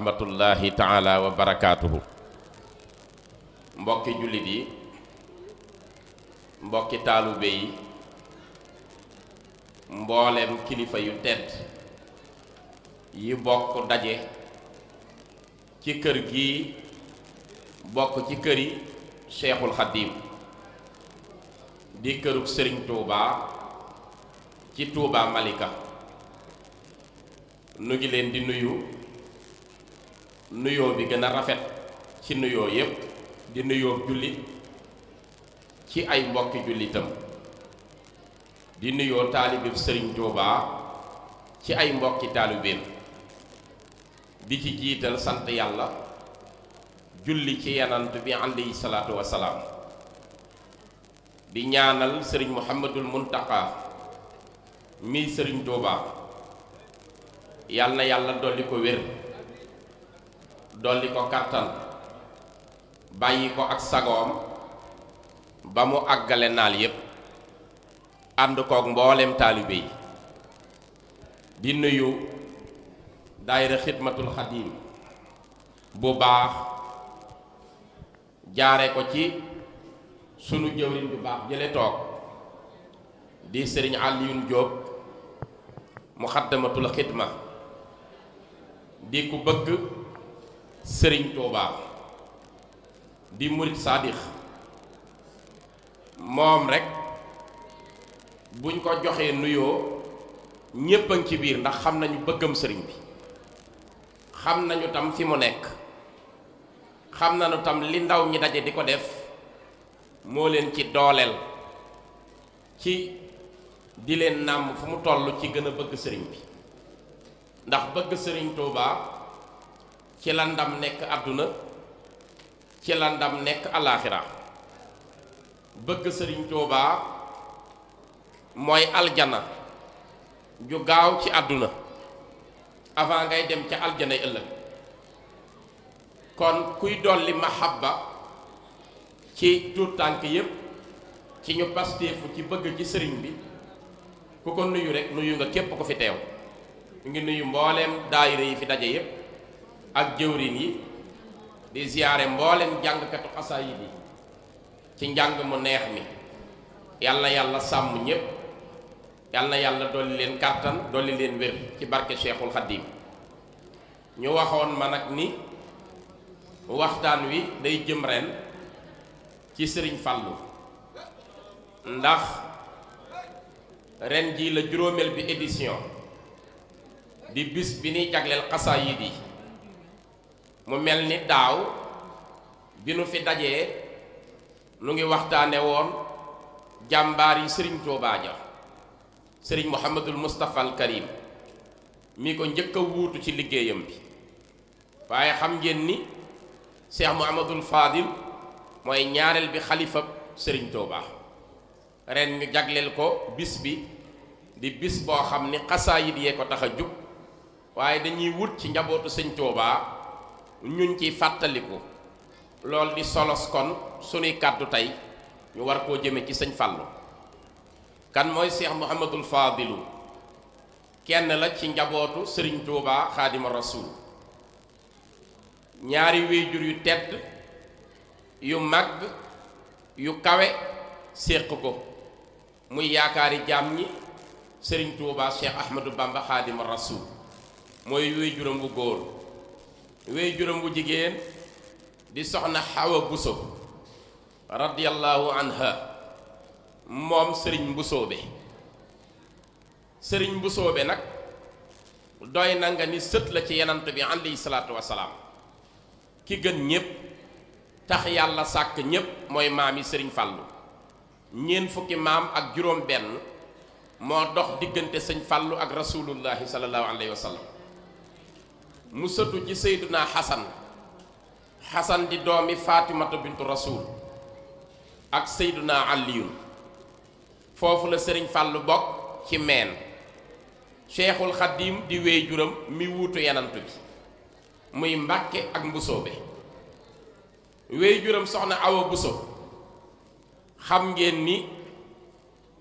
rahmatullahi taala wa barakaatuhu mbokki jullit yi mbokki taalibe yi mboolem kilifa yu tedd yi bokk daje ci kër gi bokk ci këri Cheikhul Xadim di kërug Sëriñ Tuubaa ci Tuubaa Malika nu ngi leen di nuyu nuyoo bi gën a rafet ci nuyoo yépp di nuyoo jullit ci ay mbokki jullitam di nuyoo taalibib sëriñ Tuubaa ci ay mbokki taalibeem di ci jiital sant yàlla julli ci yanant bi alayhi salaatu wasalaam di ñaanal sëriñ Muhammadul Muntaqa mii sëriñ Tuubaa yàlla na yàlla dolli ko wér dolli ko kàttan bàyyi ko ak sagoom ba mu àggale naal yépp ànd koog mboolem taalibe yi di nuyu daayira xidmatul xadim bu baax jaare ko ci sunu jëwriñ bu baax jële toog di sëriñ Alioune Diop muxaddamatul xidma di ku bëgg sëriñ Tuubaa di murit saadix moom rekk buñ ko joxee nuyoo ñépp a ci biir ndax xam nañu bëggam sëriñ bi xam nañu tam fi mu nekk xam nañu tam li ndaw ñi daje di ko def moo leen ci dooleel ci di leen nàmm fu mu toll ci gën a bëgg sëriñ bi ndax bëgg sëriñ Tuubaa ci la ndam nekk àdduna ci la ndam nekk alaaxira bëgg sëriñ tuubaa mooy aljana ju gaaw ci àdduna avant ngay dem ca aljanay ëllëg kon kuy dolli mahabba ci tuut tànk yépp ci ñu pasteefu ci bëgg ci sëriñ bi ku ko nuyu rek nuyu nga képp ko fi teew ngi nuyu mbooleem daayira yi fi daje yépp ak jëwrin yi di ziyaare mboolem jàngkatu xasaayid yi ci njàng mu neex mi yàlla yàlla sàmm ñépp yàlla yàlla dolli leen kàttan dolli leen wér ci barke Cheikhul Khadim ñu waxoon ma nag ni waxtaan wi day jëm ren ci sëriñ Fallou ndax ren jii la juróomeel bi édition di bis bi ñuy jagleel xasaayid yi mu mel ni daaw bi nu fi dajee lu ngi waxtaane woon jàmbaar yi sëriñ Tuubaa ja sëriñ Muhammadul Mustafa al Karim mi ko njëkk a wuutu ci liggéeyam bi waaye xam ngeen ni Cheikh Muhammadul Fadil mooy ñaareel bi xalifab sëriñ Tuubaa ren ñu jagleel ko bis bi di bis boo xam ni xasaayit yee ko tax a jub waaye dañuy wut ci njabootu sëñ Tuubaa ñuñ ci fàttaliku loolu di solos kon sunuy kàddu tey ñu war koo jëme ci sëñ Fàllu kan mooy Cheikh Mouhamadul Fadilu kenn la ci njabootu sëriñ Touba Xaadima Rasul ñaari wéyjur yu tedd yu mag yu kawe séq ko muy yaakaari jaam ñi sëriñ Touba Cheikh Ahmadou Bamba Xaadima Rasul mooy wéyjuram bu góor wéy juróom bu jigéen di soxna Xawa Buso radiyallahu anha moom sëriñ Mbusoobe sëriñ Mbusoobe nag doy na nga ni sët la ci yenant bi alayhi salaatu wasalaam ki gën ñépp tax yàlla sàkk ñépp mooy maam yi sëriñ Fàllu ñeent fukki maam ak juróom benn moo dox diggante sëñ Fàllu ak rasulullahi sallallahu alayhi wa mu sëtu ci sayduna xasan xasan di doomi fatimata bintu rasul ak sayduna aliyun foofu la sëriñ fàllu bokk ci meen cheikhul xadim di wéy juram mi wuutu yenant bi muy mbàkke ak mbusoobe wéy juram soxna awa buso xam ngeen ni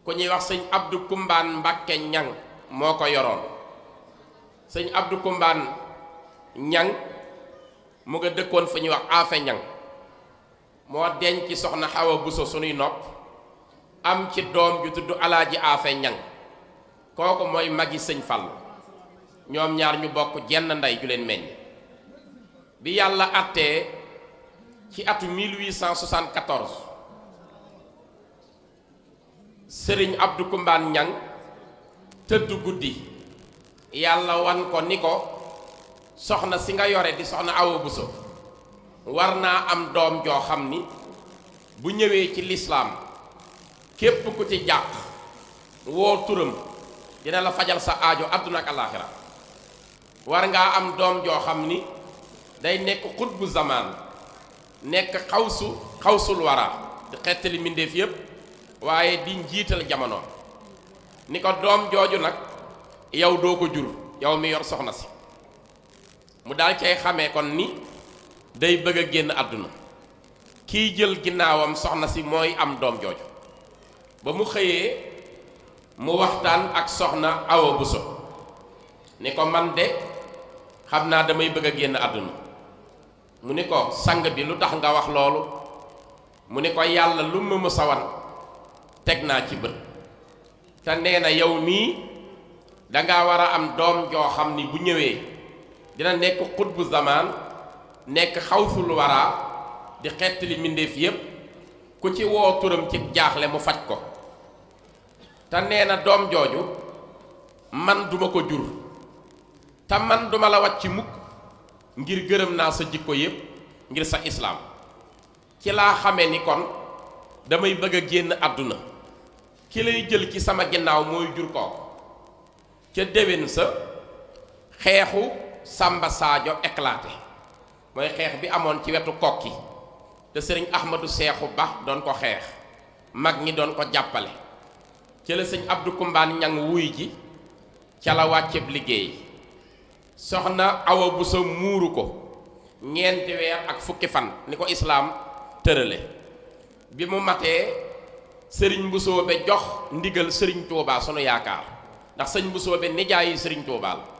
ku ñuy wax sëñ abdu kumbaan mbàkke ñang moo ko yoroon sëñ abdu kumbaan ñang mu nga dëkkoon fu ñuy wax afe ñang moo denc ci soxna xawa buso sunuy nopp am ci doom ju tudd alaaji afe ñang kooku mooy magi sëñ Fallu ñoom ñaar ñu bokk jenn ndey ju leen meññ bi yàlla attee ci atu 1874 sëriñ Abdou Kumbaan ñang tëdd guddi yàlla wan ko ni ko soxna si nga yore di soxna Awa Bousso war naa am doom joo xam ni bu ñëwee ci lislaam képp ku ci jàpp woo turam dina la fajal sa aajo àdduna ak alaaxira war ngaa am doom joo xam ni day nekk bu zamaan nekk xawsu xawsul wara di xettali mbindéef yépp waaye di njiital jamono ni ko doom jooju nag yow doo ko jur yow mi yor soxna si mu daal cay xamee kon ni day bëgg a génn àdduna kiy jël ginnaawam soxna si mooy am doom jooju ba mu xëyee mu waxtaan ak soxna Awa Buso ni ko man de xam naa damay bëgg génn àdduna mu ni ko sang bi lu tax nga wax loolu mu ni ko yàlla lu mu ma teg naa ci bët te nee na yow mii danga war a am doom joo xam ni bu ñëwee dina nekk xutbu zamaan nekk xawsul waraa di xettali mbindéef yépp ku ci woo turam ci jaaxle mu faj ko te nee na doom jooju man duma ko jur te man duma la wàcc mukk ngir gërëm naa sa jikko yépp ngir sa islaam ci laa xame ni kon damay bëgg a génn àdduna ki lay jël ci sama ginnaaw mooy jur kooku ca déwén sa xeexu sàmba Sadio éclaté mooy xeex bi amoon ci wetu kokki te sëriñ Ahmadou Seexu Ba doon ko xeex mag ñi doon ko jàppale cëla sëñ Abdou Kumbaan ñang wuy ji ca la wàcceb liggéey soxna Awa Buso muuru ko ñeenti weer ak fukki fan ni ko islaam tërale bi mu matee sëriñ Busoobe jox ndigal sëriñ Tuubaa sunu yaakaar ndax sëñ Busoobe nijaayi sëriñ Tuubaa la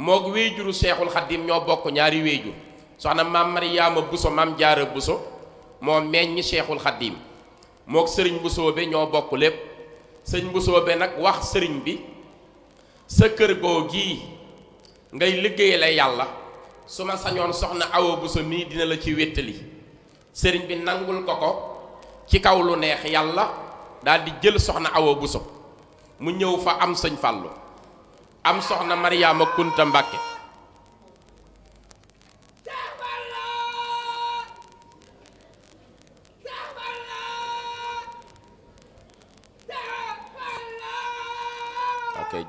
moog wéyjuru Seexul Xaddim ñoo bokk ñaari wéyjur soxna maam Mariyaama Buso maam Jaara Buso moo meññ Seexul Xaddim mook sëriñ Busoobe ñoo bokk lépp sëñ Busoobe nag wax sëriñ bi sa kër goo gii ngay liggéey la yàlla su ma sañoon soxna Awa Buso mii dina la ci wéttali sëriñ bi nangul ko ko ci kaw lu neex yàlla daal di jël soxna Awa Buso mu ñëw fa am sëñ Fàllu am soxna Mariama Kunta Mbàkke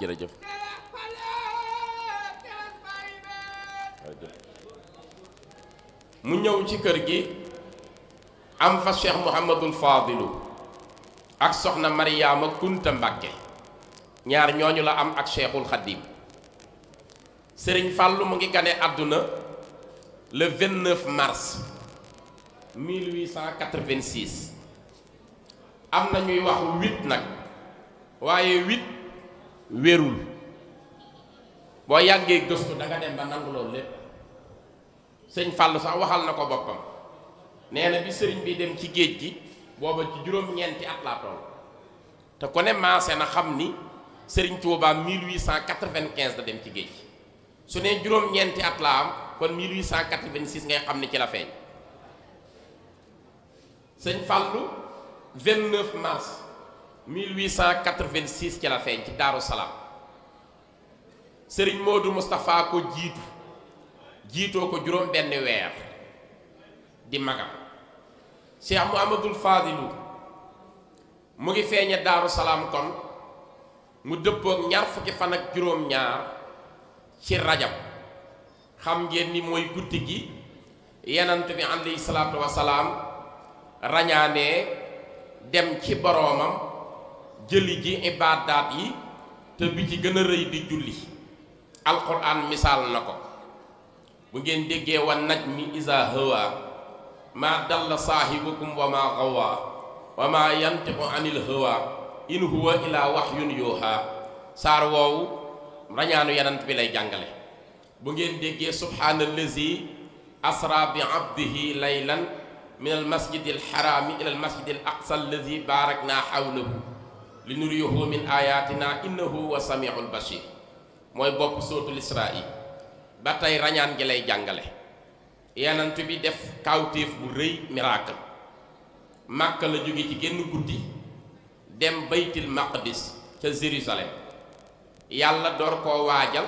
jërëjëf mu ñëw ci kër gi am fa Cheikh Mouhamadul Fadilu ak soxna Mariama Kunta Mbàkke ñaar ñooñu la am ak Cheikhul Khadim Serigne Fallou mu ngi gane àdduna le 29 mars 1886 am na ñuy wax huit nag waaye huit wérul boo yàggee gëstu da nga dem ba nangu loolu lépp sëñ Fallou sax waxal na ko boppam nee na bi sëriñ bi dem ci géej gi booba ci juróom-ñeenti at laa toll te ku ne maase na xam ni. Serigne Touba 1895 la dem ci géej su nee juróom-ñeenti at la am kon 1886 ngay xam ne ci la feeñ sëñ Fallou 29 mars 1886 ci la feeñ ci Daaru Salaam Serigne Modou Moustapha ko jiitu jiitoo ko juróom-benn weer di magam Cheikh Mouhamadoul Fadilou mu ngi feeñe Daaru Salaam kon. mu dëppook ñaar fukki fan ak juróom-ñaar ci rajab xam ngeen ni mooy guddi gi yenant bi alayhi salaatu wasalaam rañaanee dem ci boroomam jëli ji ibaadaat yi te bi ci gën a rëy di julli alquran misaal na ko bu ngeen déggee wa mi iza hawa maa dalla saahibukum wa maa gawa wa maa yantiqu anil hawa in huwa illa wahyun yuuhaa saar woowu rañaanu yanant bi lay jàngale bu ngeen déggee subhaanallazi asra bi abdihi laylan min al masjidi alxaraami ila al masjidi al aqsa allazi baarakna xawlahu li nuriyahu min ayatina innahu wa samiul basir mooy bopp sootul israil ba tey rañaan gi lay jàngale yanant bi def kawtéef bu rëy miracle màkka la jóge ci génn guddi dem baytil maqdis ca Jérusalem yàlla door koo waajal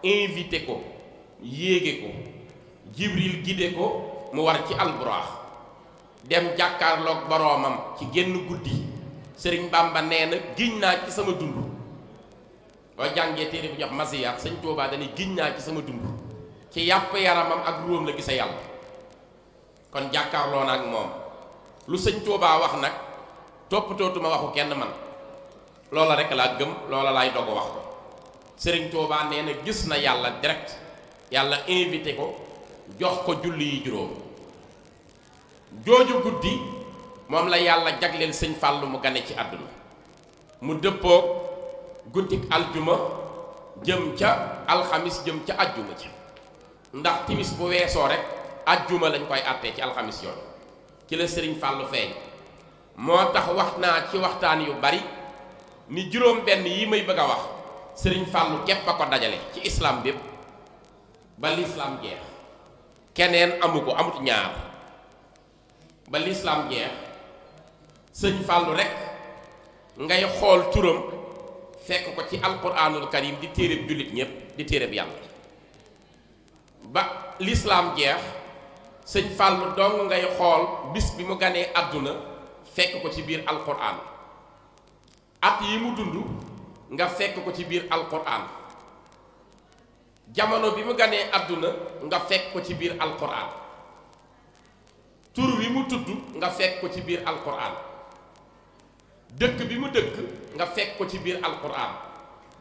invité ko yéege ko jibril gide ko mu war ci alburaax dem jàkkaarloog boroomam ci génn guddi sëriñ Bamba nee na giñ naa ci sama dund boo jàngee téere bu jox masiyaat sëñ Tuubaa dani giñ naa ci sama dund ci yàpp yaramam ak ruwam la gisa yàlla kon jàkkaarloo moom lu sëñ Tuubaa wax nag toppatootuma waxu kenn man loola rek laa gëm loola laay dogu wax ko sëriñ Tuubaa nee na gis na yàlla direct yàlla invité ko jox ko julli yi juróom jooju guddi moom la yàlla jagleel sëñ fàll mu gane ci àdduna mu dëppoog guddik aljuma jëm ca alxamis jëm ca ajjuma ci ndax timis bu weesoo rek ajjuma lañ koy àttee ci alxamis yoon ci la sëriñ Fàllu feeñ moo tax wax naa ci waxtaan yu bari ni juróom benn yi may bëgg a wax sëriñ Fàllu képp a ko dajale ci islam bépp ba lislaam jeex keneen amu ko amut ñaar ba lislaam jeex sëñ Fàllu rek ngay xool turam fekk ko ci alquranul karim di téereb jullit ñépp di téereb yàlla ba lislaam jeex sëñ Fàllu dong ngay xool bis bi mu ganee àdduna fekk ko ci biir alquran at yi mu dund nga fekk ko ci biir alquran jamono bi mu ganee àdduna nga fekk ko ci biir alquran tur wi mu tudd nga fekk ko ci biir alquran dëkk bi mu dëkk ko ci biir alquran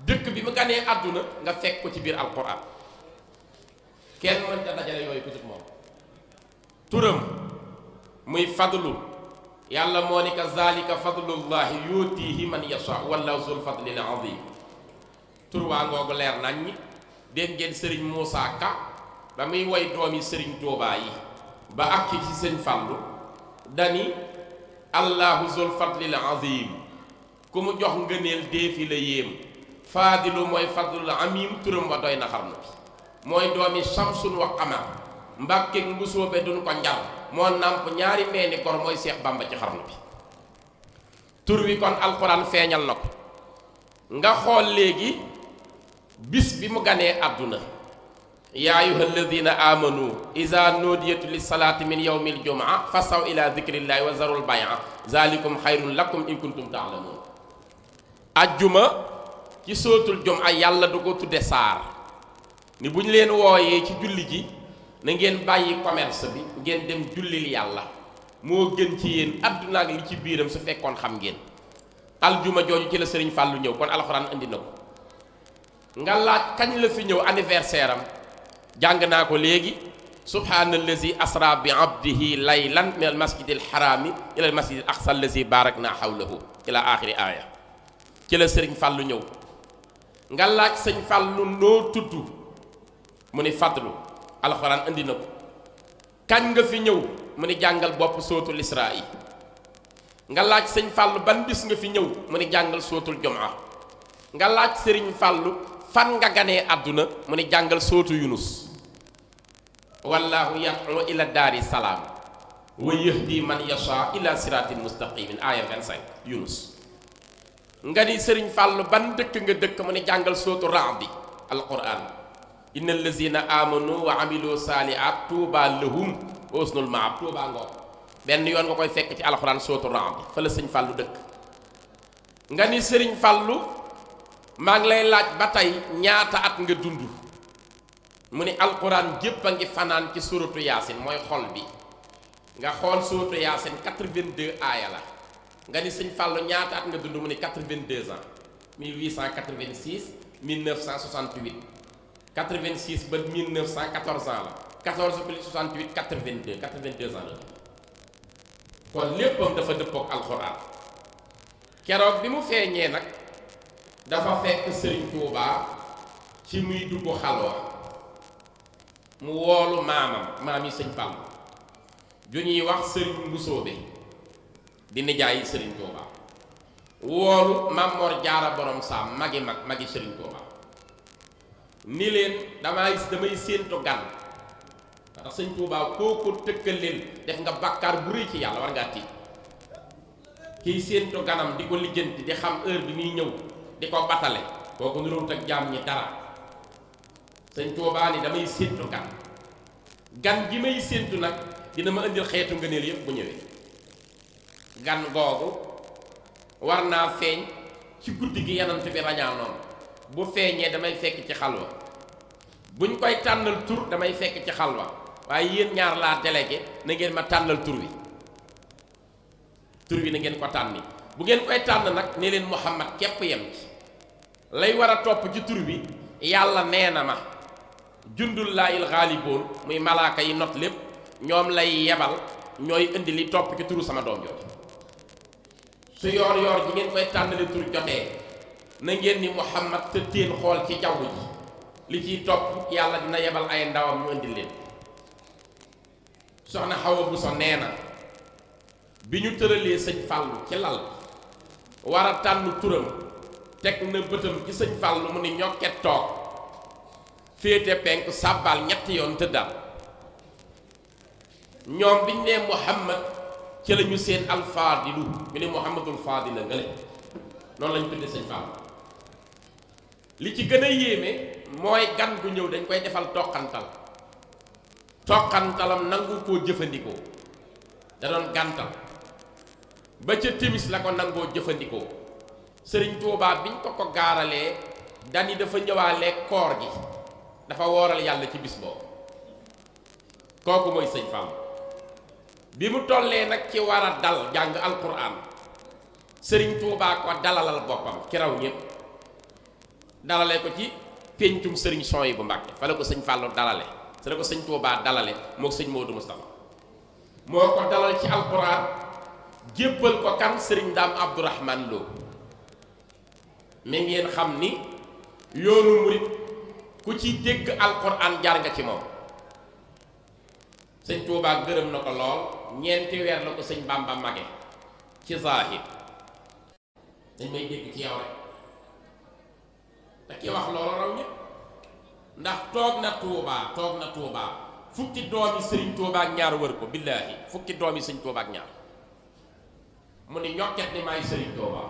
dëkk bi mu ganee àdduna nga fekk ko ci biir alquran kenn mën ta dajale yooyu ku moom turam muy fadlu yàlla moo ni ka zalika fadlullahi yuutihi man yasha wallahu zul fadlil azim turwaa ngoogu leer nañ ñi dégg ngeen sëriñ Moussa Ka ba muy woy doomi sëriñ Tuubaa yi ba ak ci seen Fallu dani allahu zul fadlil azim ku mu jox ngëneel déefi la yéem faadilu mooy fadlul amim turam wa doy na xarnu bi mooy doomi samsun wa qamar mbàkkeeg mbusóobe duñ ko njar moo nàmp ñaari meeni gor mooy Seex Bàmba ci xarnu bi tur wi kon alxuraan feeñal na ko nga xool léegi bis bi mu ganee àdduna yaa ayuha alladina amanu ida nuudiyatu lissalaati min yowmi aljumaa fasaw ila dicrillahi wa zarul baya zalikum xayrun lakum in kuntum yàlla du ko tudde saar ni bu ñu leen wooyee ci julli ji na ngeen bàyyi commerce bi ngeen dem jullil yàlla moo gën ci yéen àdduna ak li ci biiram su fekkoon xam ngeen aljuma jooju ci la sëriñ fàllu ñëw kon alxuraan indi na ko laaj kañ la fi ñëw anniversaire am jàng naa ko léegi subhaanallazi asra bi abdihi laylan min al masjid al xaraami ila al masjid al aqsa allazi barak naa xawlahu ila axiri aaya ci la sëriñ fàllu ñëw nga laaj sëñ fàllu noo tudd mu ni fadlu alxuraan andi na ko kañ nga fi ñëw mu ni jàngal bopp sootul isra yi nga laaj sëñ fàllu ban bis nga fi ñëw mu ni jàngal sootul jumaa nga laaj sëriñ fàllu fan nga ganee àdduna mu ni jàngal sootu yunus wallahu yad'u ila daari salaam wa yahdi man yasha ila siraatin mustaqimin aaya 25 yunus nga ni sëriñ fàllu ban dëkk nga dëkk mu ni jàngal sootu raadi alquran inna allazina amanu wa amilu saaliat tuuba lahum wa usnul maab tuuba ngoog benn yoon nga koy fekk ci alxuraan sootu Raad fa la sëñ fàllu dëkk nga ni sëriñ fàllu maa ngi lay laaj ba tey ñaata at nga dund mu ni alxuraan jëpp a ngi fanaan ci suratu yaasin mooy xol bi nga xool suratu yaasin 82 aaya la nga ni sëñ fàllu ñaata at nga dund mu ni 82 ans 1886 1968 86 ba 1914 ans la 14 plus 68 82 82 ans la kon léppam dafa dëppook alxuraan keroog bi mu feeñee nag dafa fekk Sëriñ Tuubaa ci muy dugg xalwa mu woolu maamam maam yi sëñ Fall ju ñuy wax Sëriñ Mbusoobe di nijaayi Sëriñ Tuubaa woolu Maam Jaara borom saa magi mag magi Sëriñ Tuubaa ni leen damay damay séentu gan ndax sëñ Tuubaa koo ko tëkkal def nga bàkkaar bu rëy ci yàlla war ngaa tiit kiy séentu ganam di ko lijjanti di xam heure bi muy ñëw di ko batale kooku niruwut ak jaam ñi dara sëñ Tuubaa ni damay séentu gan gan gi may séentu nag dina ma indil xeetu ngëneel yépp bu ñëwee gan googu war naa feeñ ci guddi gi yanant bi rañaa noonu bu feeñee damay fekk ci xalwa buñ koy tànnal tur damay fekk ci xalwa waaye yéen ñaar laa délégué na ngeen ma tànnal tur wi tur wi nangeen ko tànni bu ngeen koy tànn nag ne leen Muhammad képp yem ci lay war a topp ci tur bi yàlla nee na ma jundul laa il xaaliboon muy malaaka yi not lépp ñoom lay yebal ñooy indi li topp ci turu sama doom jooju su yoor yoor ji ngeen koy tànnali tur jotee na ngeen ni Muhammad te teen xool ci jaww ji li ciy topp yàlla dina yebal ay ndawam ñu indi leen soxna Awa Bousso nee na bi ñu tëralee sëñ Fàllu ci lal war a tànn turam teg na bëtam ci sëñ Fàllu mu ni ñokket toog féete penk sàbbaal ñetti yoon tëddal ñoom biñ nee Muhammad ci la ñu seen alfaadilu ñu ne Muhammadul Faadila nga leen noonu lañ tudde sëñ Fàllu li ci gën a yéeme mooy gan gu ñëw dañ koy defal toqantal toqantalam nangu koo jëfandikoo da doon ba ca timis la ko nangoo jëfandikoo sëriñ Tuubaa biñ ko ko gaaralee dani dafa ñëwaale koor gi dafa wooral yàlla ci bis boo kooku mooy sëñ Fall bi mu tollee nag ci war a dal jàng alquran sëriñ Tuubaa ko dalalal boppam ki raw ñëpp dalale ko ci péncum sëriñ son yi bu Mbàkke fa la ko sëñ Fallou dalale fa la ko sëñ Touba dalale moo sëñ Modou Moustapha moo ko dalal ci alquran jéppal ko kan sëriñ Daam Abdourahman Lo mi ngeen xam ni yoonu murit ku ci dégg alquran jar nga ci moom sëñ Touba gërëm na ko lool ñeenti weer la ko sëñ Bamba mage ci zahir dañ may dégg ci yow rek te ki wax loolu raw ñëpp ndax toog na tuubaa toog na tuubaa fukki doomi sëriñ tuubaa ak ñaar wër ko billaahi fukki doomi sëriñ tuubaa ak ñaar mu ne ñokket ni maay sëriñ tuubaa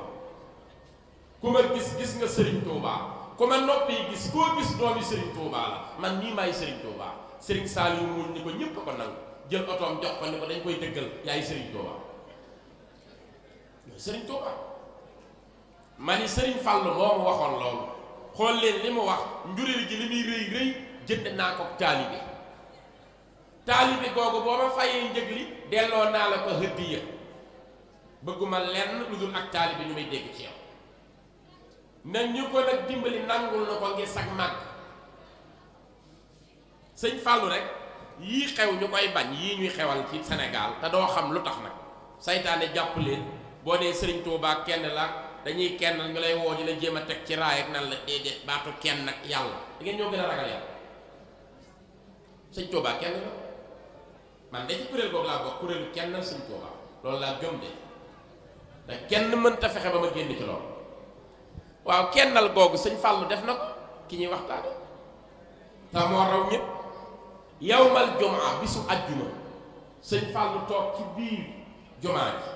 ku ma gis gis nga sëriñ tuubaa ku ma noppi gis koo gis doomi sëriñ tuubaa la man nii maay sëriñ tuubaa sëriñ Saliou muul ni ko ñépp ko nangu jël otoom jox ko ni ko dañ koy dëggal yaay sëriñ tuubaa sëriñ tuubaa ma ni sëriñ Fàll moo waxoon loolu xool leen li mu wax njureel gi li muy rëy rëy jënd naa ko taalibe taalibe googu boo ma fayee njëg li delloo naa la ko hëddiya bëgguma lenn lu dul ak taalibe ñu may dégg ci yow na ñu ko nag dimbali nangul na ko ngir sag màgg sëñ Fallou rek yii xew ñu koy bañ yii ñuy xewal ci senegaal te doo xam lu tax nag saytaane jàpp leen boo dee sëriñ Touba kenn la dañuy kenn ñu lay woo ñu la jéem a teg ci raay ak nan la déedéet baatu kenn nag yàlla da ñoo gën a ragal yàlla sëñ Tuubaa kenn la man da ci kuréel boobu laa bokk kuréelu kenn sëñ Tuubaa loolu laal gëm de da kenn mënta fexe ba ma génn ci loolu waaw kennal googu sëñ Fàllu def na ki ñuy waxtaane te moo raw ñëpp yawmal jumaa bisu ajjuma sëñ Fàllu toog ci biir jumaa ji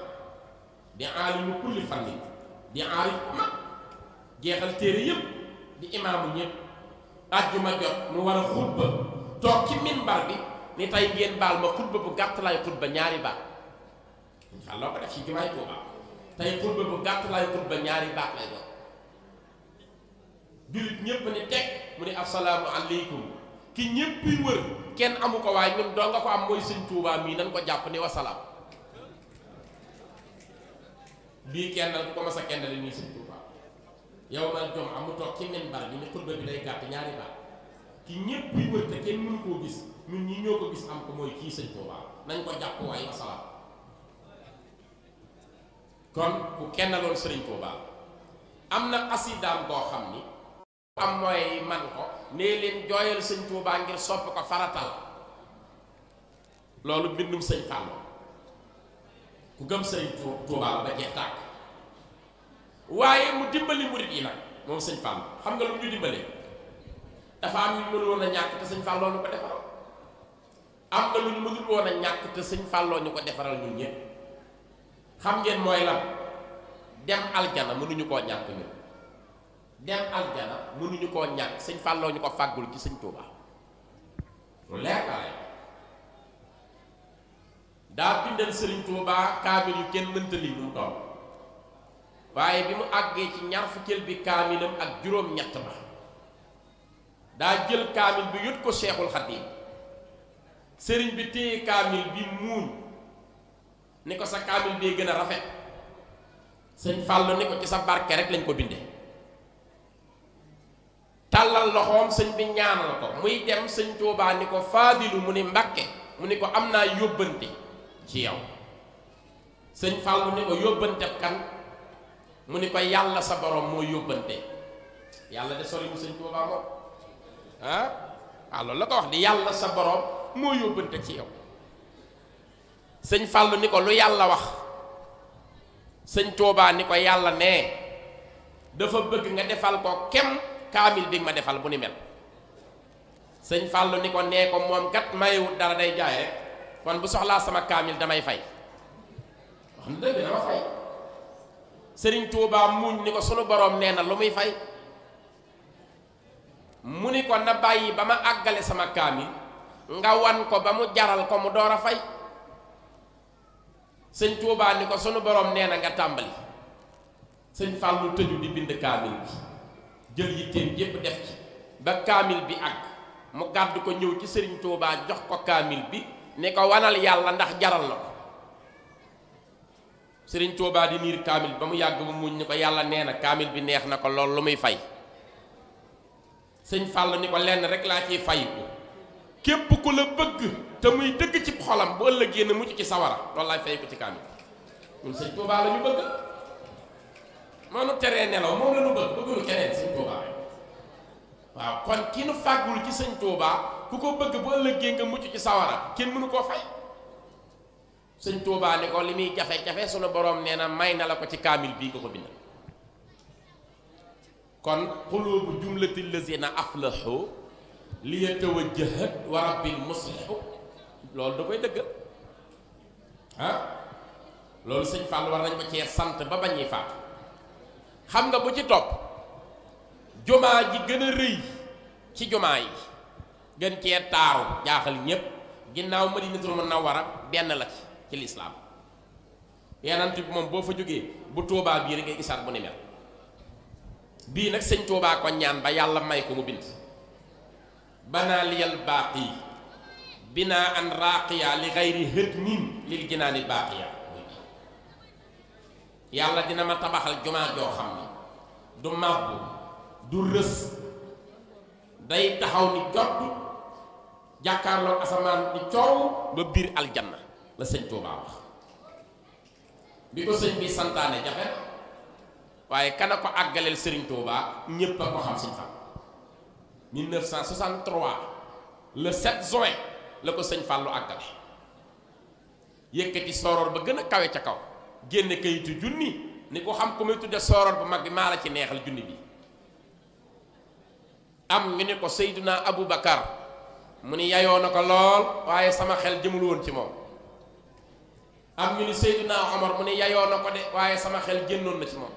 di aalimu kulli fanni di aarif mag jeexal téere yëpp di imaamu ñëpp àjjuma jot mu war a xutba toog ci minbar bi ni tey ngeen baal ma xutba bu gàtt lay xutba ñaari baat insha allah ko bu gàtt lay ñaari baat lay doon jullit ñépp ni teg mu ni assalaamu aleykum ki ñéppi wër kenn amu ko waaye ñun doo nga ko am mooy sëñ tuubaa mii nan ko jàpp ni wasalaam lii kennal ku ko mas a kennale nii Sëñ Tuuba yow mal jom am toog ci minbar bi ni xutba bi day gàtt ñaari baat ki ñépp yi wër te kenn mënu koo gis ñun ñi ñoo ko gis am ko mooy kii Sëñ Tuuba nañ ko jàpp waaye wasalaam kon ku kennaloon Sëriñ Tuuba na xasidaam koo xam ni am mooy man ko nee leen jooyal Sëñ Tuuba ngir sopp ko faratal loolu bindum Sëñ Fàllu ku gëm sëñ Tuubaa ba jeex tàkk waaye mu dimbali murit yi nag moom sëñ Fall xam nga lu ñu dimbalee dafa am lu ñu mënul woon ñàkk te sëñ Falloo ñu ko defaral am nga lu ñu mënul ñàkk te sëñ ñu ko defaral ñun xam ngeen mooy lan dem aljana mënuñu koo ñàkk ñun dem aljana mënuñu koo sëñ Falloo ñu ko fàggul ci sëñ Tuubaa daa bindal sëriñ Tuubaa kaamil yu kenn mënta mu toll waaye bi mu àggee ci ñaar fukkeel bi kaamilam ak juróom-ñett ba daa jël kaamil bi yut ko Seexul Xadiim sëriñ bi téye kaamil bi muun ni ko sa kaamil bee gën a rafet sëñ Fàllu ni ko ci sa barke rek lañ ko bindee tàllal loxoom sëñ bi ñaanal ko muy dem sëñ Tuubaa ni ko faadilu mu ni Mbàkke mu ni ko am naa yóbbante ci yow sëñ Fallou ne ko yóbbante kan mu ni ko yàlla sa borom moo yóbbante yàlla de sori bu sëñ Tuubaa moom ah waaw loolu la ko wax di yàlla sa borom moo yóbbante ci yow sëñ Fallou ni ko lu yàlla wax sëñ Tuubaa ni ko yàlla nee dafa bëgg nga defal ko kem kaamil bi nga ma defal bu ni mel sëñ Fallou ni ko nee ko moom kat mayewut dara day jaayee kon bu soxlaa sama kaamil damay fay wax na sëriñ Tuubaa muñ ni ko sunu boroom nee na lu muy fay mu ni ko na bàyyi ba ma àggale sama kaamil nga wan ko ba mu jaral ko mu door a fay sëñ Tuubaa ni ko sunu boroom nee na nga tàmbali sëñ Fallu tëju di bind kaamil bi jël yitteem yépp def ci ba kaamil bi àgg mu gàdd ko ñëw ci sëriñ Tuubaa jox ko kaamil bi ni ko wanal yàlla ndax jaral na ko sëriñ Tuubaa di niir kaamil ba mu yàgg ba muñ ni ko yàlla nee na kaamil bi neex na ko lool lu muy fay sëñ Fàll ni ko lenn rek laa ciy fay ko képp ku la bëgg te muy dëgg ci xolam bu ëllëgee na mucc ci sawara loolu laay fay ko ci kaamil ñun sëñ Tuubaa la bëgg moo nu teree nelaw moom la ñu bëgg bëggul keneen sëñ Tuubaa waaw kon ki nu fàggul ci sëñ Tuubaa ku ko bëgg bu ëllëgee nga mucc ci sawara kenn mënu koo fay sëñ Tuubaa ko li muy jafe-jafe sunu boroom nee na may na la ko ci kaamil bii nga ko bind kon xuluubu jumlatil lazina aflahu li yatawajjahat wa rabbil muslihu loolu da koy dëggal ah? loolu sëñ Fall war nañ ko cee sant ba bañuy faat xam nga bu ci topp jumaa ji gën a rëy ci jumaa yi gën cee taaru jaaxal ñépp ginnaaw ma madinatul munawwara benn la ci ci lislaam yonent bi moom boo fa jógee bu tuubaa bii rek ngay gisaat bu ni mel bii nag sëñ tuubaa ko ñaan ba yàlla may ko mu bind banaa liyal baaqi binaa an raaqiya li xayri hëdmin lil jinaani baaqiya yàlla dina ma tabaxal jumaa joo xam ne du màbbu du rës day taxaw ni jot jàkkaarloo asamaan di coow ba biir aljanna la sëñ Tuubaa wax bi ko sëñ bi santaane jafe waaye kana ko àggaleel sëriñ Tuubaa ñépp a ko xam sëñ Fall 1963 le 7 juin la ko sëñ Fallu àggale yëkkati sooroor ba gën a kawe ca kaw génne kayitu junni ni ko xam ku muy tudde sooroor bu mag bi maa la ci neexal junni bi am ngi ne ko Seydina Aboubacar mu ne yayoo na ko lool waaye sama xel jëmul ci moom am ñu ni Seydina Omar mu ni yayoo ko de waaye sama xel génnoon na ci moom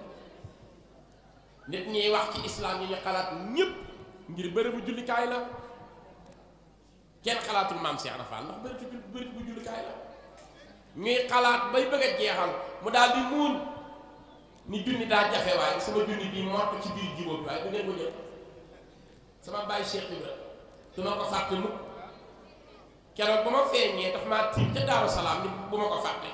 nit ñiy wax ci islaam yi ñu xalaat ñépp ngir bërëbu jullikaay la kenn xalaatul maam Cheikh Rafal ndax bërëbu bërëbu jullikaay la ñuy xalaat bay bëgg a jeexal mu daal di muuñ ni junni daa jafe waaye sama junni bi mott ci biir jibóob waaye bu ngeen ko jël sama bàyyi Cheikh Ibrahima du ma ko fàtte mukk keroog bu ma feeñee daf maa tiim ca Daaru Salaam ni bu ma ko fàtte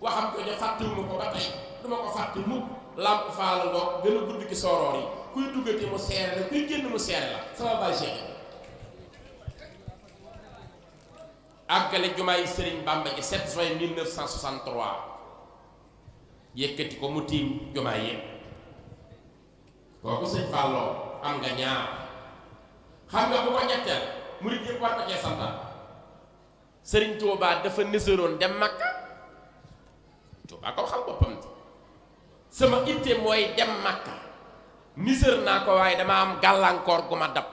waxam ko ja fàttewuma ko ba tey du ko fàtte mukk làmp faala ndox gën a gudd ki sooroor yi kuy duggati mu seere la kuy génn mu seere la sama baay Cheikh àggale jumaay Serigne Bamba ji 7 juin 1963 yëkkati ko mu tiim jumaay yëpp kooku sëñ Fallou am nga ñaar xam nga bu ko ñetteel murid yëpp war ko cee santaan sëriñ Tuubaa dafa nësëroon dem Makka Tuubaa ko xam boppam sama itte mooy dem Makka nisër naa ko waaye dama am gàllankoor gu ma dab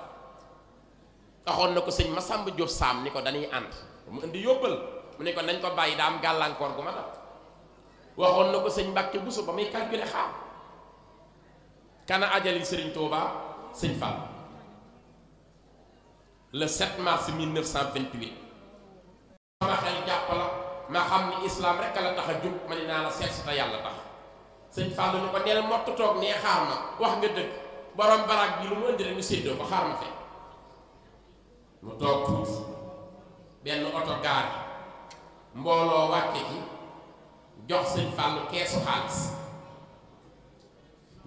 taxoon na ko sëñ Masamba Diop Saam ni ko dañuy ànd mu indi yóbbal mu ne ko ko bàyyi daa am gàllankoor gu ma dab waxoon na ko sëñ Mbàkke Buso ba muy calculer xaar kana ajali sëriñ Tuubaa sëñ Fall le 7 mars 1928 sama xel jàpp la ma xam ni islam rek la tax a jub ma ni naa la seet si te yàlla tax sëñ Fallou ni ko neel mott toog nee xaar ma wax nga dëgg borom baraag bi lu mu indi rek ñu ko xaar ma fe mu toog tuuti benn oto gaar mbooloo wàcce ci jox sëñ Fallou keesu xaalis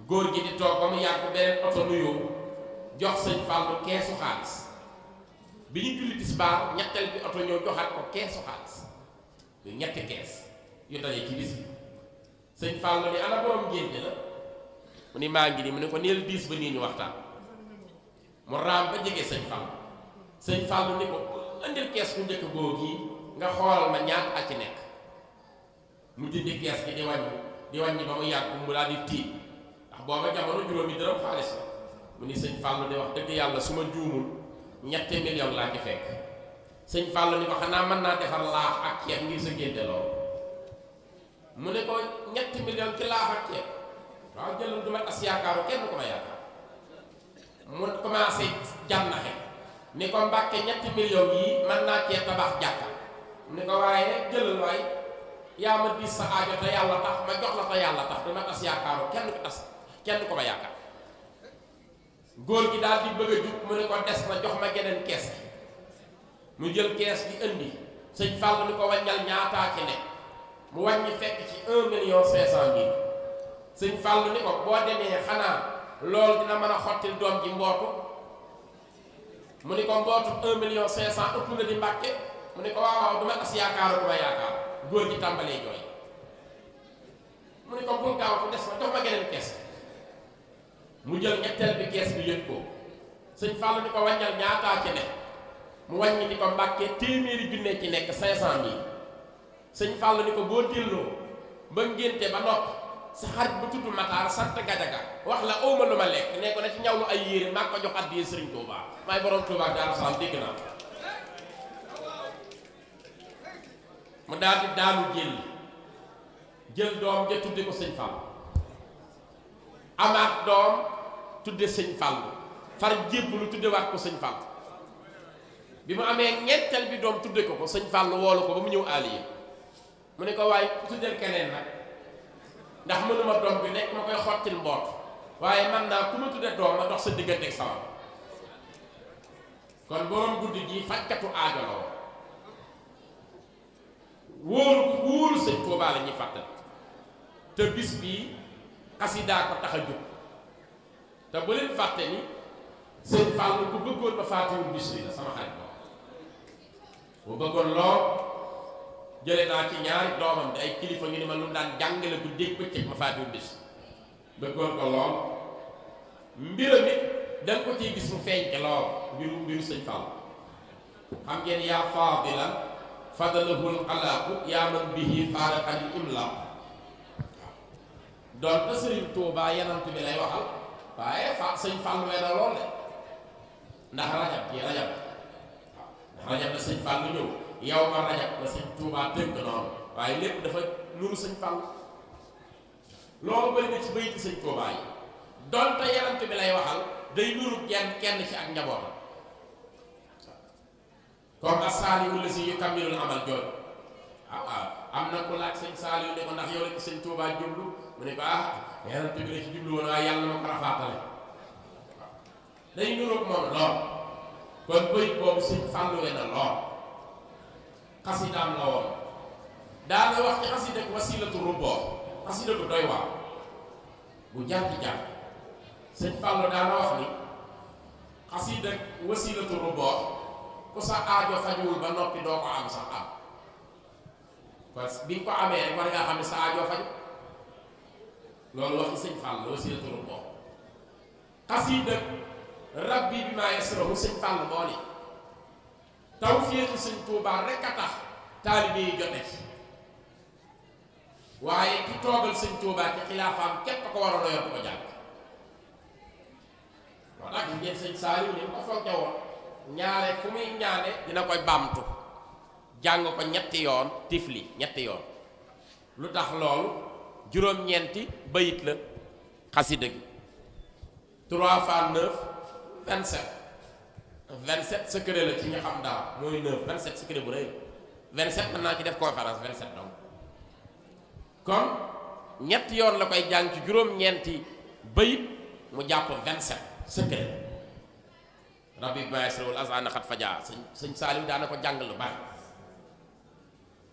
góor gi di toog ba mu yàgg beneen oto nuyoo jox sëñ Fallou keesu xaalis bi ñu julli tisbaar ñetteel bi oto ñoo joxaat ko keesu xaalis yu ñetti kees yu ci bis bi sëñ Fall na ni ana borom ngénte la mu ni maa ngi nii mu ne ko neel diis ba nii ñu waxtaan mu raam ba jege sëñ Fall sëñ Fall ni ko indil kees ku njëkk góor gi nga xoolal ma ñaat a ci nekk mu dindi kees gi di wàññi di wàññi ba mu yàgg mu daal di tiit ndax booba jamono juróomi dërëm xaalis mu ni sëñ Fall di wax dëgg yàlla su ma juumul ñetti million laa ci fekk sëñ Fallou ni ko xanaa mën naa defar laax ak ceeb ngir sa génte lool mu ne ko ñetti million ci laax ak ceeb waaw jëlal du as yaakaaru kenn ko naa cee tabax jàkka mu ne ko waaye jëlal waay yaa ma diis sa aajo te yàlla tax ma jox la te yàlla tax du as yaakaaru kenn ko as kenn ko ma yaakaar góor gi daal di bëgg a jug mu ne ko des na jox ma geneen kees gi mu jël kees gi indi sëñ Fall ni ko wàññal ñaataa ci ne mu wàññi fekk ci un million cinq cent mille sëñ ni ko boo demee xanaa loolu dina mën a xottil doom ji mbootu mu ni ko mbootu un million cinq cent ëpp na di mbàkke mu ne ko waaw waaw duma as yaakaaru ko ma yaakaar góor gi tàmbalee jooy mu ne ko bul gaaw ko des na jox ma geneen kees mu jël ñetteel bi kees bi yëg ko sëñ Fallou di ko wàññal ñaataa ci ne mu wàññi di ko mbàkkee téeméeri junne ci nekk cinq cent mille sëñ Fallou ko boo delloo ba ngénte ba nopp sa xarit bu tudd Matar sant Gajaga wax la awma lu ma lekk ne ko na ci ñaw lu ay yére maa ko jox addiyee sëriñ Touba maay borom Touba Daaru Salaam dégg naa ko mu daal daanu jël jël doom ja tudde ko sëñ Fallou amaat doom tudde sëñ Fallou far jébbalu tudde waat ko sëñ Fallou bi mu amee ñetteel bi doom tudde ko ko sëñ Fallou woolu ko ba mu ñëw Aliya mu ne ko waaye tuddeel keneen nag ndax mënuma doom bi nekk ma koy xottil mboot waaye man naa ku ma tudde doom ma dox sa diggante ak sama kon borom guddi gi fajkatu aajo wóoru wóoru sëñ Tuubaa la ñuy fàttal bii xasidaa ko tax a jóg te bu fàtte ni seen fàllu ku bëggoon ba faatiwul bis bi la sama xarit boobu bu bëggoon lool jële naa ci ñaari doomam di ay kilifa ngi ni ma lu mu daan jàngale bu dégg bëccëg ma faatiwul bis bëggoon ko lool mbiram it da ko ciy gis mu feeñ lool mbiru mbiru sëñ fàllu xam ngeen yaa faadila fadalahul xalaaqu yaa man bihi faaraqa al imlaaq doon te sëriñ Tuubaa yenant bi lay waxal waaye fa sëñ Fàllu we na lool ndax rajab yi rajab ndax rajab la sëñ Fàllu ñëw yow ma rajab la sëñ Tuubaa tënk noonu waaye lépp dafa nuru sëñ Fàllu loolu bëri na ci bayti sëñ Tuubaa yi doon te bi lay waxal day nuru kenn kenn ci ak njabootam comme ak saaliwu la si yu kamilul amal jooju ah, ah, am na ku laaj sëñ saaliwu ne ko ndax yow la ci sëñ jublu mu ne ko ah yonent bi la ci jublu woon waaye yàlla ma ko rafaatale day nuroog moom lool kon bëy boobu suñ fàlluwe na lool xasidaam la woon daana wax ci xasida ak wasilatu wasilatu rubboo ku sa aajo fajuwul ba noppi doo ko am sax am bi ko amee rek ngaa xam ne sa aajo faju loolu waxi sëñ Fall la wasiyatul ko xasiida rabbi bi maa yasrahu sëñ Fall moo ni tawféexu sëñ Tuubaa rekk a tax taalibe yi jote ci waaye ki toogal sëñ Tuubaa ci xilaafaam képp ko war a doyoon ko jàng moo ko foog woon ñetti yoon tax loolu juróom-ñeenti bayit la xasida gi 3 fois 9 27 27 secret la ci ñu xam daaw mooy 9 27 secret bu rëy 27 mën naa ci def conférence 27 donc kon ñetti yoon la koy jàng ci juróom-ñeenti bayit mu jàpp 27 secret rabbi baasirul azana xat fajaa sëñ sëñ Saalim daana ko jàng lu bari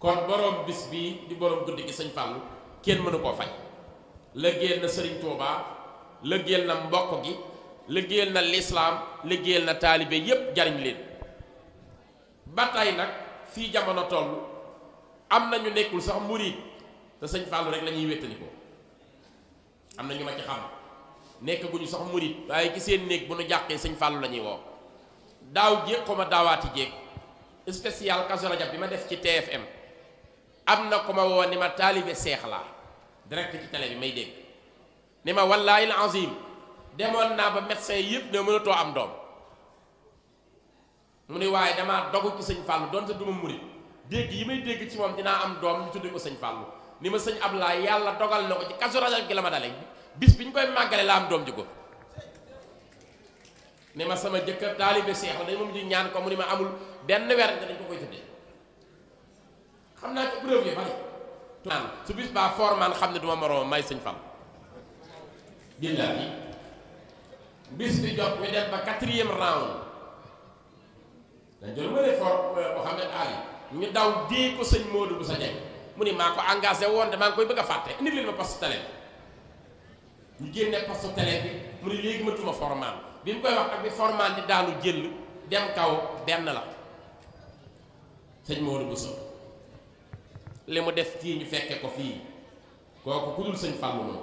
kon borom bis bii di borom guddi gi sëñ Fallou kenn mënu koo fay lëggéeyal na sëriñ Tuubaa lëggéeyal na mbokk gi lëggéeyal na lislaam lëggéeyal na taalibe yépp jariñ leen ba tey nag fii jamono toll am na ñu nekkul sax murid te sëñ Fallou rek lañuy ñuy am na ñu ma ci xam nekk guñu sax murid waaye ci seen néeg bu nu jàqee sëñ Fallou la ñuy woo daaw jéeg xaw ma daawaati jéeg spécial Kazu Rajab bi ma def ci TFM am na ku ma woo ni ma taalibe seex laa ci télé bi may dégg ni ma wallaahi al azim demoon naa ba médecin yëpp ne mënatoo am doom mu ne waaye damaa dogu ci sëñ Fallou donte duma murit dégg yi may dégg ci moom dinaa am doom ñu tudde ko sëñ Fallou ni ma sëñ Ablaay yàlla dogal na ko ci kasu rajab gi la ma dale bis bi ñu koy màggale laa am doom ji ko ni ma sama jëkkër taalibe seex la dañ ma di ñaan ko mu ni ma amul benn weer dañ ko koy tuddee xam naa ci preuve yi ba su bis baa forman xam ne duma moroom may sëñ Fall billahi bis bi jot ñu dem ba quatrième round dañ doon mëne euh, mu ni woon de koy bëgg a fàtte indi forman bi mu koy wax ak bi forman di daanu jël dem kaw benn la sëñ Modou bu so li mu def fii ñu fekke ko fii kooku ku dul sëñ Fàllu moom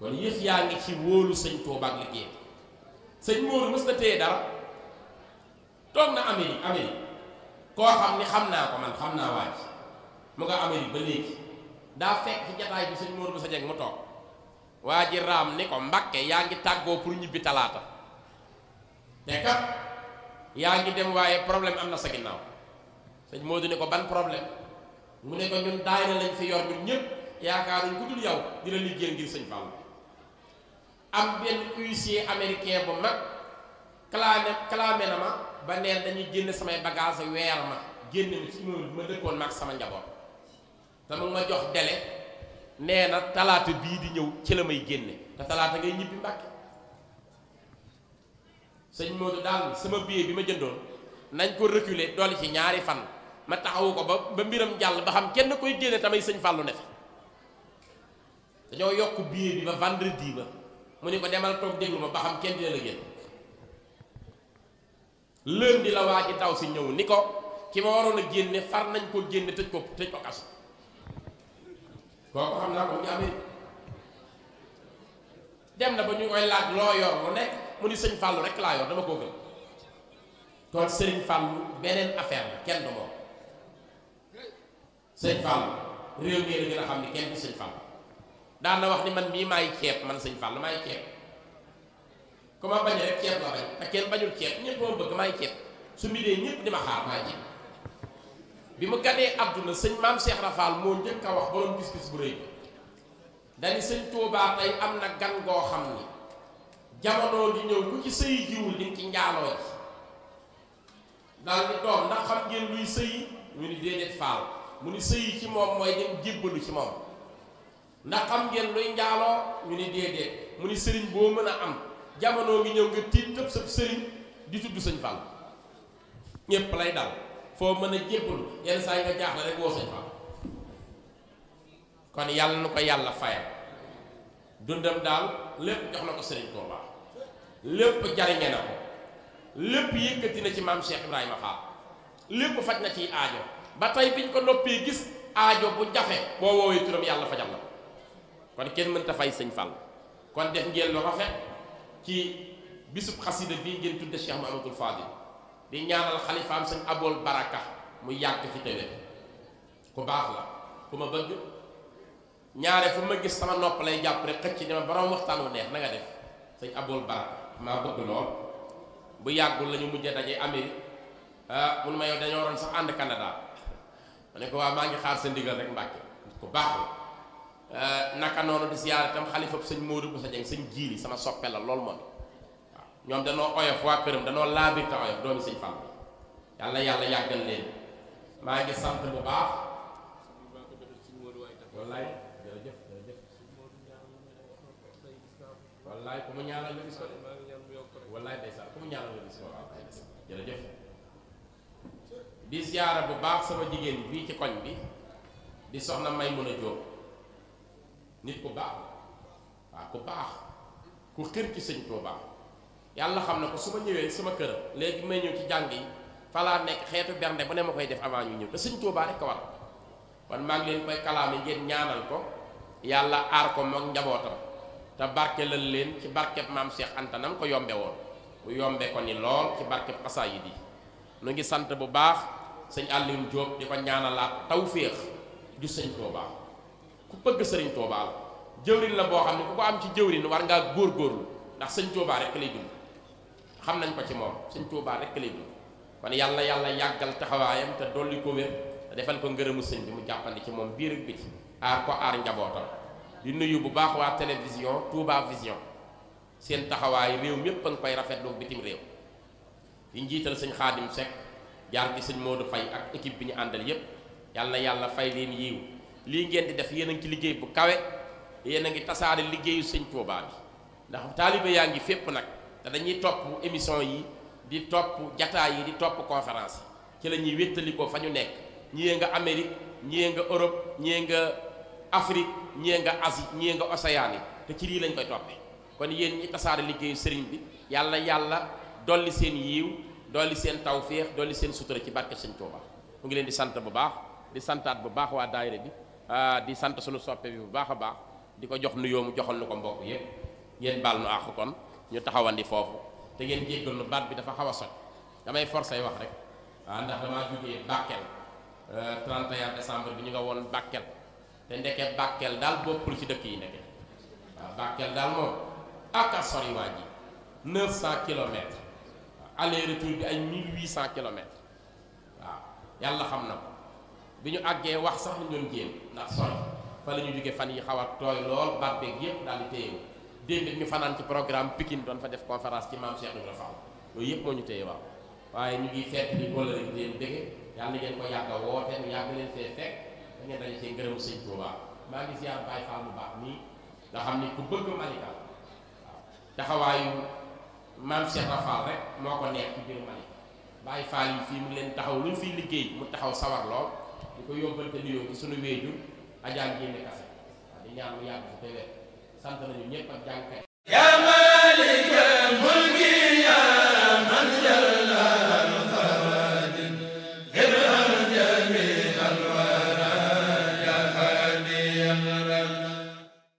kon yëf yaa ngi ci wóolu sëñ Tuubaa ak liggéey sëñ Móodu mës na téye dara toog na Amérique Amérique koo xam ni xam naa ko man xam naa waaj mu nga Amérique ba léegi daa fekk ci jataay bi sëñ Móodu bu sa jeg mu toog waa ji raam ni ko Mbàkke yaa ngi tàggoo pour ñibbi talaata te kat yaa ngi dem waaye problème am na sa ginnaaw sëñ Móodu ni ko ban problème mu ne ko ñun daayira lañ fi yor ñun ñëpp yaakaaruñ ku dul yow di liggéey liggéeyal ngir sëñ Fall am benn huissier américain bu mag clamé clamé na ma ba neen dañuy génn samay bagage weer ma génn mi ci moom ma dëkkoon mag sama njaboot te ma jox délai nee na talaata bii di ñëw ci la may génne te talaata ngay ñibbi Mbàkke sëñ Modou daal sama billet bi ma jëndoon nañ ko reculer dolli ci ñaari fan ma taxawu ko ba ba mbiram jàll ba xam kenn koy génne tamay sëñ Fallou ne fi dañoo yokk billet bi ba vendredi ba mu ne ko demal toog déglu ma ba xam kenn dina la génn lundi la waa ji taw si ñëw ni ko ki ma waroon a génne far nañ koo génne tëj ko tëj ko kaso kooku xam naa ko ñu amee dem na ba ñu koy laaj loo yor lu nekk mu ni sëñ Fallou rek laa yor dama koo gën kon sëriñ Fallou beneen affaire la kenn du sëñ Fall réew mi a xam ni kenn du sëñ Fall daan na wax ni man mii maay ceeb man sëñ Fall maay ceeb ku ma bañ rek ceeb la bañ te kenn bañul ceeb ñëpp ma bëgg maay ceeb su mi dee ñëpp ma xaar maay ceeb bi mu ganee àdduna sëñ maam Cheikh Rafal moo jëkk a wax borom gis-gis bu rëy dañu sëñ Touba tey am na gan goo xam ni jamono di ñëw ku ci sëyi jiwul di ci njaaloo ji daal di doom ndax xam ngeen luy sëyi ñu ni déedéet faal mu ni sëyi ci moom mooy dem jébbalu ci moom ndax xam ngeen luy njaaloo ñu ni déedéet mu ni sëriñ boo mën a am jamono ngi ñëw nga tiit tëb sab sëriñ di tudd sëñ Fall ñépp lay dal foo mën a jébbalu yenn saa yi nga jaaxle rek woo sëñ Fall kon yàlla nu ko yàlla fayal dundam daal lépp jox na ko sëriñ Touba lépp jariñe na ko lépp yëkkati na ci maam Cheikh Ibrahima Fall lépp faj na ciy aajo ba tey biñ ko noppee gis aajo bu jafe boo woowee turam yàlla fajal la kon kenn mënta fay sëñ Fall kon def ngeen lu rafet ci bisub xasida bii ngeen tudde Cheikh Mouhamadoul di ñaanal xalifaam sëñ Abol Baraka mu yàgg fi baax la ku ma bëgg ñaare fu ma gis sama nopp lay jàpp rek xëcc borom waxtaan wu neex na nga def sëñ Abol Baraka maa bëgg lool bu ah, mun ma yow dañoo waroon sax ànd Canada ma ne ko waaw maa ngi xaar sa ndigal rek Mbàkke ku baax la euh, naka noonu di siyaare itam xalifa sëñ Modou Boussa Dieng sëñ jiili sama soppe la loolu moom ñoom danoo oyof waa këram danoo laabir te oyof doomi sëñ Fall yàlla yàlla yàggal leen maa ngi sant bu baax wallaay jërëjëf ko de wallaay di ziyaara bu baax sama jigéen bii ci koñ bi di soxna may mën a jóg nit ku baax waaw ku baax ku xër ci sëñ Tuubaa yàlla xam na ko su ma ñëwee sama kër léegi may ñëw ci jàng yi falaa nekk xeetu bernde bu ne ma koy def avant ñu ñëw te sëñ Tuubaa rek ko war a maa ngi leen koy kalaame ngeen ñaanal ko yàlla aar ko moom njabootam te barkelal leen ci barkeb maam Cheikh Anta nam ko yombe woon bu yombe ko ni lool ci barkeb xasaayid yi lu ngi sant bu baax sëñ Alioune Diop di ko ñaanalaat tawféex ju sëñ Touba ku bëgg sëriñ Touba la jëwrin la boo xam ne ku ko am ci jëwrin war ngaa góorgóorlu ndax sëñ Touba rek lay dund xam nañ ko ci moom sëñ Touba rek lay dund kon yàlla yàlla yàggal taxawaayam te dolli ko wér defal ko ngërëmu sëñ bi mu jàppandi ci moom biir ak biti aar ko aar njabootam di nuyu bu baax waa télévision Touba Vision seen taxawaay réew mépp a nga koy rafetlu bitim réew di njiital sëñ xaadim Seck jaar ci sëñ Modou Faye ak équipe bi ñu àndal yépp yàlla na yàlla fay leen yiiw lii ngeen di def yéen a ci liggéey bu kawe yéen a ngi tasaare liggéeyu sëñ Touba bi ndax taalibe yaa ngi fépp nag te dañuy topp émission yi di topp jataay yi di topp conférence ci la ñuy wéttalikoo fa ñu nekk ñiyee nga Amérique ñiyee nga Europe ñiyee nga Afrique ñiyee nga Asie ñiyee nga Océanie te ci lii lañ koy toppee kon yéen ñi tasaare liggéeyu sëriñ bi yàlla dolli seen yiiw dolli seen tawféex dolli seen sutura ci barke sëñ Tuuba mu ngi leen di sant bu baax di santaat bu baax waa daayira bi ah, di sant suñu soppe bi bu baax a baax di ko jox nuyoo mu joxal nu ko mbokk yëpp ngeen baal nu àq kon ñu taxawandi foofu te ngeen jéggal nu baat bi dafa xaw a soj damay forcé wax rek waaw ah, ndax damaa jógee Bakel 31 euh, décembre ñu nga woon Bakel te ndeke Bakel daal bokkul ci dëkk yi nekke waaw ah, Bakel daal moom aka sori aller retour bi ay 1800 kilomètres waaw yàlla xam na ko bi ñu àggee wax sax ñu doon génn ndax solo fa la ñu jóge fan yi xaw a tooy lool baat beeg yëpp daal di téyewu démb ñu fanaan ci programme Pikine doon fa def conférence ci maam Cheikh Ibrahima Fall loolu yëpp moo ñu téye waaw waaye ñu ngi feet di kóllëre di leen bëgg yàlla na ngeen ko yàgg a woote mu yàgg leen see fekk da ngeen dañu see ngërëm sëñ Touba maa ngi ziar Baye Fall baax nii maam Cheikh Rafal rek moo ko neex ci biir Mali bàyyi faal yi fii mu leen taxaw luñ fiy liggéey mu taxaw sawar lool di ko yóbbante nuyoo ci sunu wéeju ajaan génne kase di ñaan mu yàgg bu tewee sant nañu ñëpp ak jàngkat yaa maalika mulki yaa man